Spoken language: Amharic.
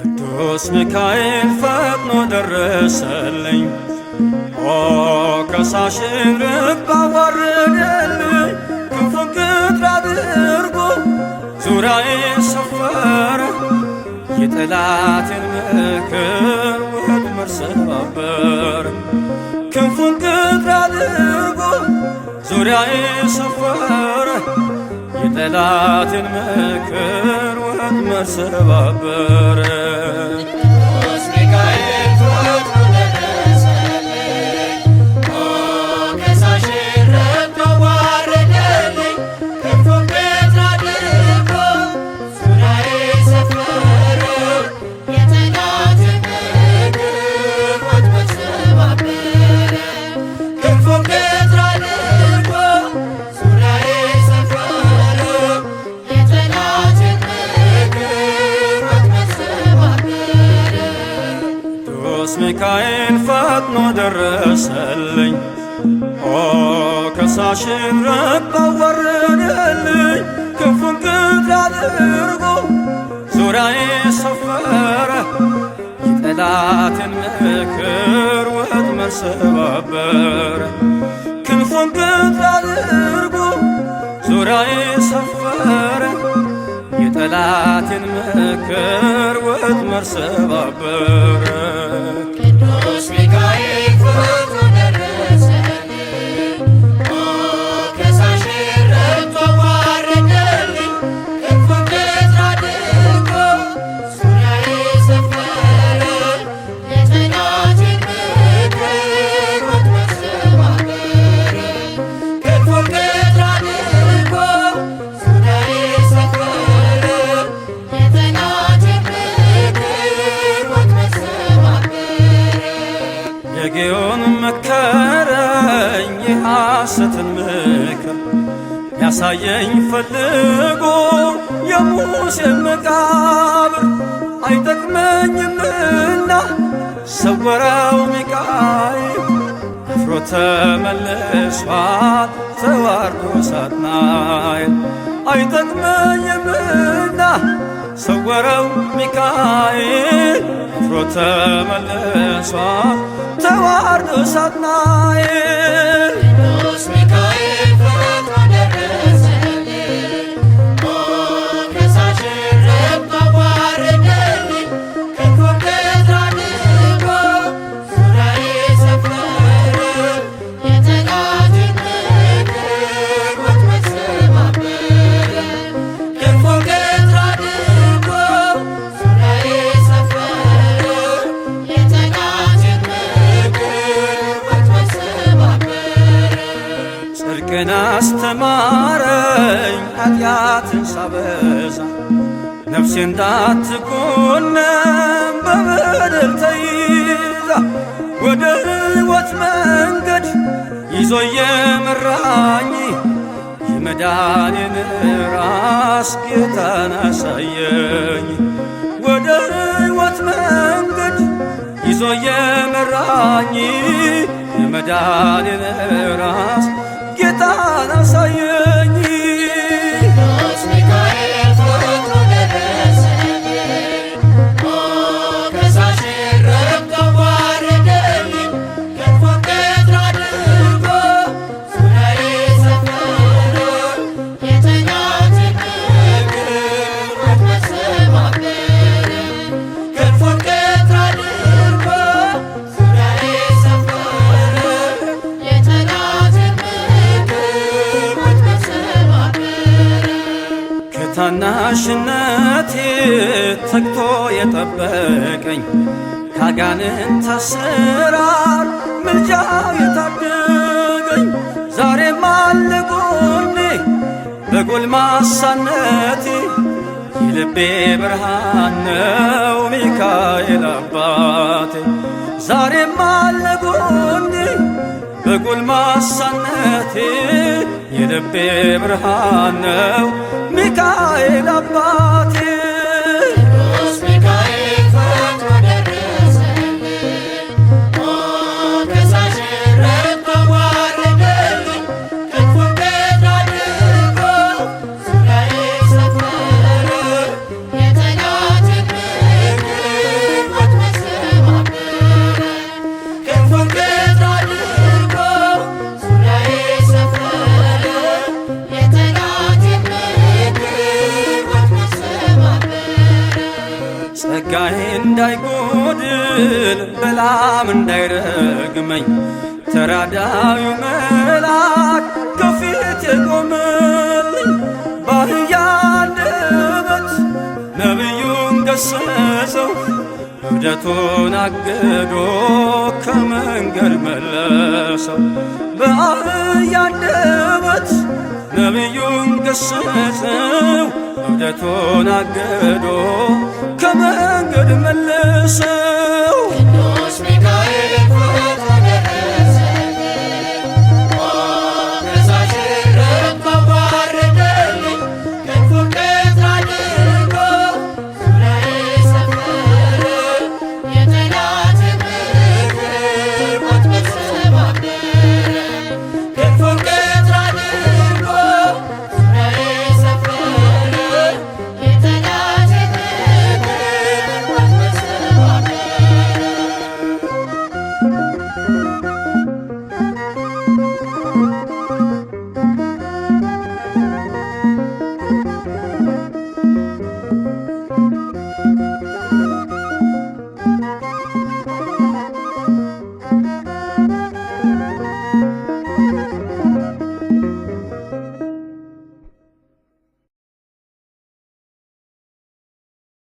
ቅዱስ ሚካኤል ፈጥኖ ደረሰልኝ፣ ኦ ልብ አዋረደልኝ። ክንፉን ቅጥር አድርጎ ዙሪያዬ ሰፈረ፣ የጠላቴን ምክር ወድመር ክንፉን በዙሪያዬ ሰፈረ የጠላትን መከር ወጥመድ ሰባበረ። ቅዱስ ሚካኤል ፈጥኖ ደረሰልኝ። ኦ ከሳሽን ረባ ወረደልኝ፣ ክንፉን ግድ አድርጎ ዙሪያዬ ሰፈረ። የጠላትን ምክር ወጥመድ ሰባበረ። ክንፉን ግድ አድርጎ ዙሪያዬ ሰፈረ። የጠላትን ምክር ወጥመድ ሰባበረ። የሐሰትን ምክር ያሳየኝ ፈልጎ የሙሴ መቃብር አይጠቅመኝምና ሰወረው ሚካኤል አፍሮ ተመልሷል ተዋርዶ ሳጥናኤል አይጠቅመኝምና ሰወረው ሚካኤል አፍሮ ተመልሷል ተዋርዶ ሳጥናኤል ሕግን አስተማረኝ ኃጢአትን ሳበዛ ነፍሴ እንዳትኮነም በምድር ተይዛ ወደ ሕይወት መንገድ ይዞ የመራኝ የመዳኔን ራስ ጌታን አሳየኝ ወደ ሕይወት መንገድ ይዞ የመራኝ የመዳኔን ራስ たなさゆ ጠላቴ ተግቶ የጠበቀኝ ካጋንንት አሰራር ምልጃው የታደገኝ ዛሬም አለ ጎኔ በጎልማሳነቴ የልቤ ብርሃን ነው ሚካኤል አባቴ ዛሬም አለ በጎልማሳነቴ የልቤ ብርሃን ነው ሰላም እንዳይረግመኝ ተራዳዩ መልአክ ከፊት የቆመልኝ ባህያ አንደበት ነቢዩን ገሰጸው እብደቱን አግዶ ከመንገድ መለሰው። በአህያ አንደበት ነቢዩን ገሰጸው እብደቱን አግዶ ከመንገድ መለሰው።